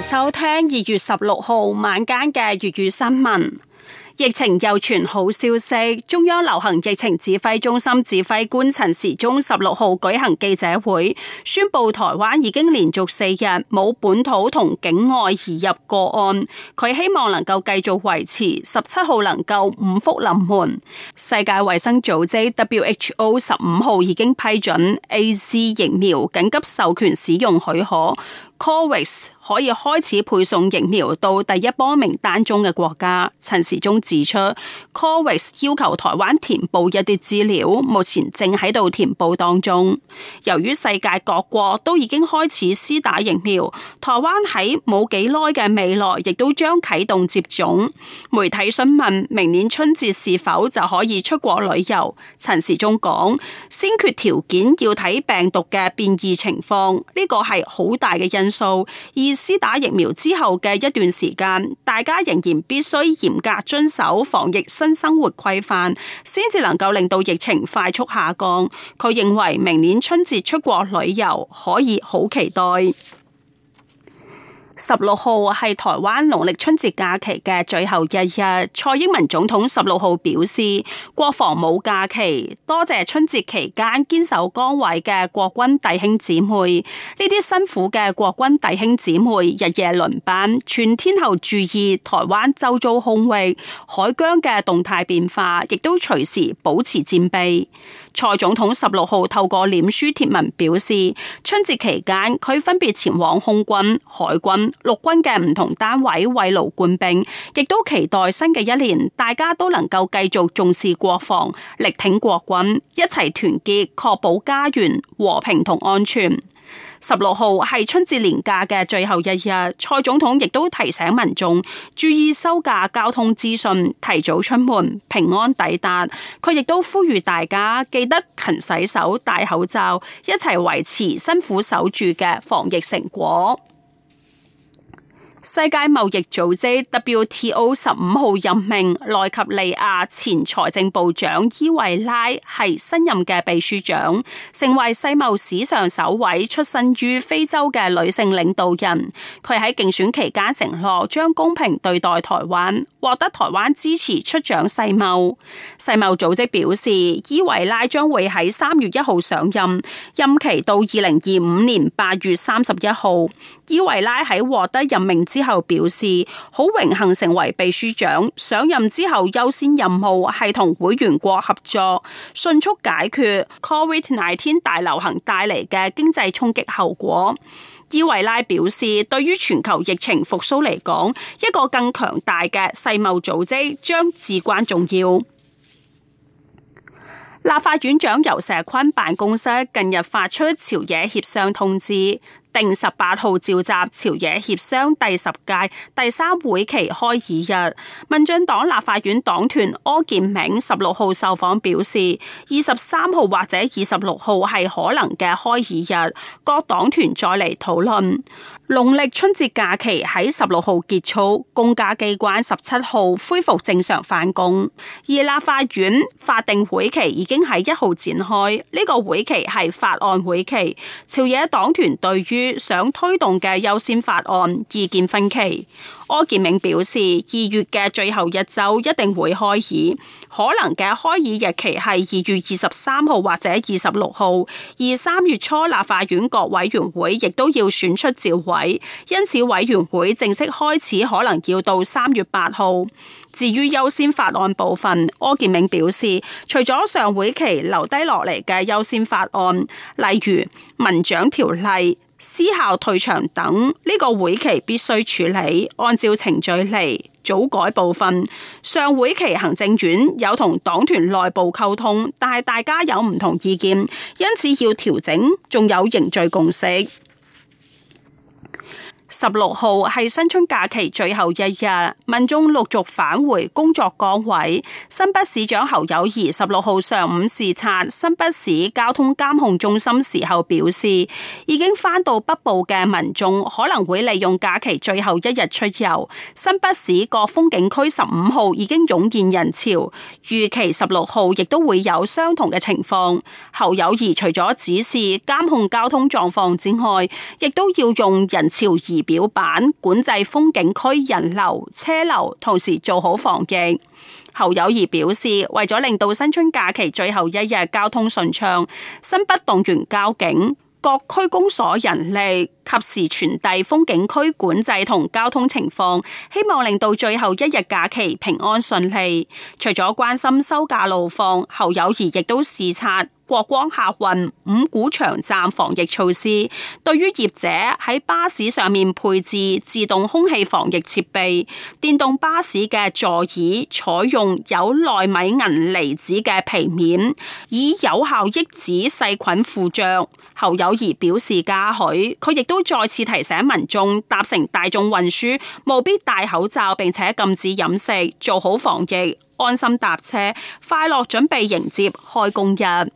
收聽二月十六號晚間嘅粵語新聞，疫情又傳好消息。中央流行疫情指揮中心指揮官陳時中十六號舉行記者會，宣布台灣已經連續四日冇本土同境外移入個案。佢希望能夠繼續維持，十七號能夠五福臨門。世界衛生組織 WHO 十五號已經批准 AC 疫苗緊急授權使用許可。COVAX 可以開始配送疫苗到第一波名單中嘅國家。陳時中指出，COVAX 要求台灣填報一啲資料，目前正喺度填報當中。由於世界各國都已經開始施打疫苗，台灣喺冇幾耐嘅未來亦都將啟動接種，媒體詢問明年春節是否就可以出國旅遊，陳時中講，先決條件要睇病毒嘅變異情況，呢個係好大嘅因素。數而施打疫苗之後嘅一段時間，大家仍然必須嚴格遵守防疫新生活規範，先至能夠令到疫情快速下降。佢認為明年春節出國旅遊可以好期待。十六號係台灣農曆春節假期嘅最後一日，蔡英文總統十六號表示，國防冇假期，多謝春節期間堅守崗位嘅國軍弟兄姊妹，呢啲辛苦嘅國軍弟兄姊妹日夜輪班，全天候注意台灣周遭空域、海疆嘅動態變化，亦都隨時保持戰備。蔡總統十六號透過臉書貼文表示，春節期間，佢分別前往空軍、海軍、陸軍嘅唔同單位慰勞官兵，亦都期待新嘅一年，大家都能夠繼續重視國防，力挺國軍，一齊團結，確保家園、和平同安全。十六號係春節年假嘅最後一日，蔡總統亦都提醒民眾注意收假交通資訊，提早出門，平安抵達。佢亦都呼籲大家記得勤洗手、戴口罩，一齊維持辛苦守住嘅防疫成果。世界貿易組織 WTO 十五號任命奈及利亞前財政部長伊衛拉係新任嘅秘書長，成為世貿史上首位出身於非洲嘅女性領導人。佢喺競選期間承諾將公平對待台灣，獲得台灣支持出掌世貿。世貿組織表示，伊衛拉將會喺三月一號上任，任期到二零二五年八月三十一號。伊衛拉喺獲得任命之後表示好榮幸成為秘書長，上任之後優先任務係同會員國合作，迅速解決 Covid-19 大流行帶嚟嘅經濟衝擊後果。伊維拉表示，對於全球疫情復蘇嚟講，一個更強大嘅世貿組織將至關重要。立法院長游錫堃辦公室近日發出朝野協商通知。定十八號召集朝野協商第十屆第三會期開議日，民進黨立法院黨團柯建銘十六號受訪表示，二十三號或者二十六號係可能嘅開議日，各黨團再嚟討論。農曆春節假期喺十六號結束，公家機關十七號恢復正常返工。而立法院法定會期已經喺一號展開，呢個會期係法案會期，朝野黨團對於想推動嘅優先法案意見分歧。柯建銘表示，二月嘅最後一週一定會開議，可能嘅開議日期係二月二十三號或者二十六號。而三月初立法院各委員會亦都要選出召委，因此委員會正式開始可能要到三月八號。至於優先法案部分，柯建銘表示，除咗上會期留低落嚟嘅優先法案，例如民獎條例。私校退場等呢個會期必須處理，按照程序嚟早改部分。上會期行政院有同黨團內部溝通，但係大家有唔同意見，因此要調整，仲有凝聚共識。十六號係新春假期最後一日，民眾陸續返回工作崗位。新北市長侯友宜十六號上午視察新北市交通監控中心時候表示，已經返到北部嘅民眾可能會利用假期最後一日出遊。新北市各風景區十五號已經湧現人潮，預期十六號亦都會有相同嘅情況。侯友宜除咗指示監控交通狀況之外，亦都要用人潮而，表板管制風景區人流車流，同時做好防疫。侯友宜表示，為咗令到新春假期最後一日交通順暢，新北動員交警、各區公所人力，及時傳遞風景區管制同交通情況，希望令到最後一日假期平安順利。除咗關心收假路況，侯友宜亦都視察國光客運五股場站防疫措施，對於業者喺巴士上面配置自動空氣防疫設備，電動巴士嘅座椅採用有奈米銀離子嘅皮面，以有效抑制細菌附着。侯友宜表示嘉許，佢亦都再次提醒民眾搭乘大眾運輸務必戴口罩，並且禁止飲食，做好防疫，安心搭車，快樂準備迎接開工日。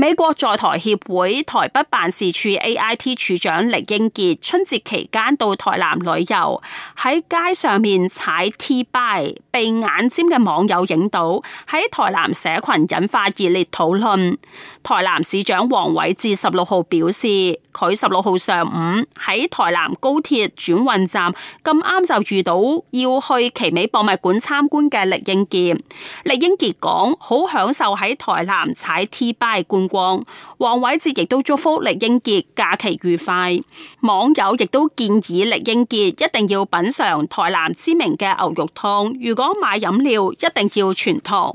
美國在台協會台北辦事處 AIT 處長酈英傑春節期間到台南旅遊，喺街上面踩 T-Bike 被眼尖嘅網友影到，喺台南社群引發熱烈討論。台南市長黃偉哲十六號表示，佢十六號上午喺台南高鐵轉運站咁啱就遇到要去奇美博物館參觀嘅酈英傑。酈英傑講好享受喺台南踩 T-Bike，冠。王黃偉哲亦都祝福酈英傑假期愉快，網友亦都建議酈英傑一定要品嘗台南知名嘅牛肉湯，如果買飲料一定要全糖。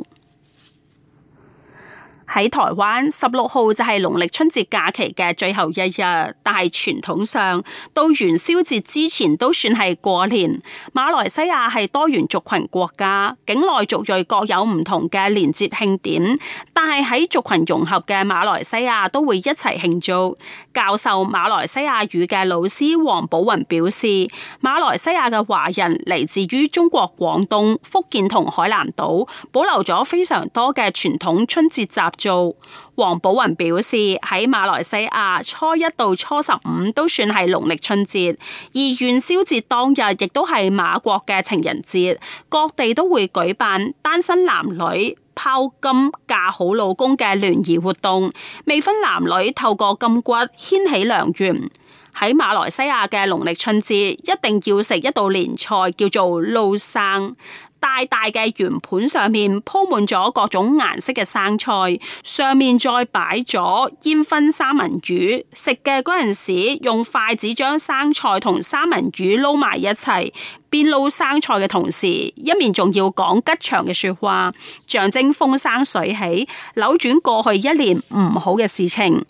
喺台灣，十六號就係農曆春節假期嘅最後一日，但係傳統上到元宵節之前都算係過年。馬來西亞係多元族群國家，境內族裔各有唔同嘅年節慶典，但係喺族群融合嘅馬來西亞都會一齊慶祝。教授馬來西亞語嘅老師黃寶雲表示，馬來西亞嘅華人嚟自於中國廣東、福建同海南島，保留咗非常多嘅傳統春節習俗。做黃寶雲表示，喺馬來西亞初一到初十五都算係農曆春節，而元宵節當日亦都係馬國嘅情人節，各地都會舉辦單身男女拋柑嫁好老公嘅聯誼活動，未婚男女透過柑橘牽起良緣。喺馬來西亞嘅農曆春節，一定要食一道年菜，叫做撈生。大大嘅圓盤上面鋪滿咗各種顏色嘅生菜，上面再擺咗煙燻三文魚。食嘅嗰陣時，用筷子將生菜同三文魚撈埋一齊，邊撈生菜嘅同時，一面仲要講吉祥嘅說話，象徵風生水起，扭轉過去一年唔好嘅事情。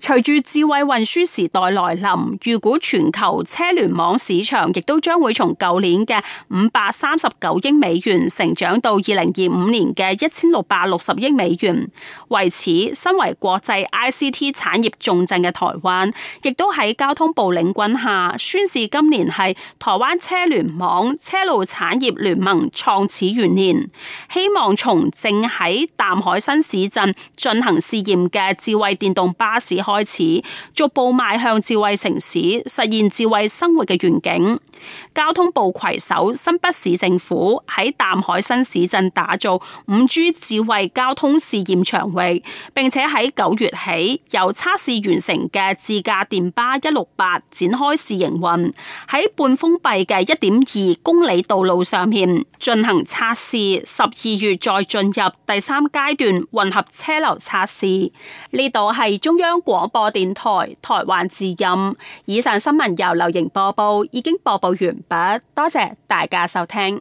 隨住智慧運輸時代來臨，預估全球車聯網市場亦都將會從舊年嘅五百三十九億美元成長到二零二五年嘅一千六百六十億美元。為此，身為國際 ICT 產業重鎮嘅台灣，亦都喺交通部領軍下，宣示今年係台灣車聯網車路產業聯盟創始元年，希望從正喺淡海新市鎮進行試驗嘅智慧電動巴士。開始逐步邁向智慧城市，實現智慧生活嘅願景。交通部攜手新北市政府喺淡海新市鎮打造五 G 智慧交通試驗場域，並且喺九月起由測試完成嘅自駕電巴一六八展開試營運，喺半封閉嘅一點二公里道路上面進行測試。十二月再進入第三階段混合車流測試。呢度係中央廣。廣播電台台灣之音，以上新聞由流瑩播報，已經播報完畢，多謝大家收聽。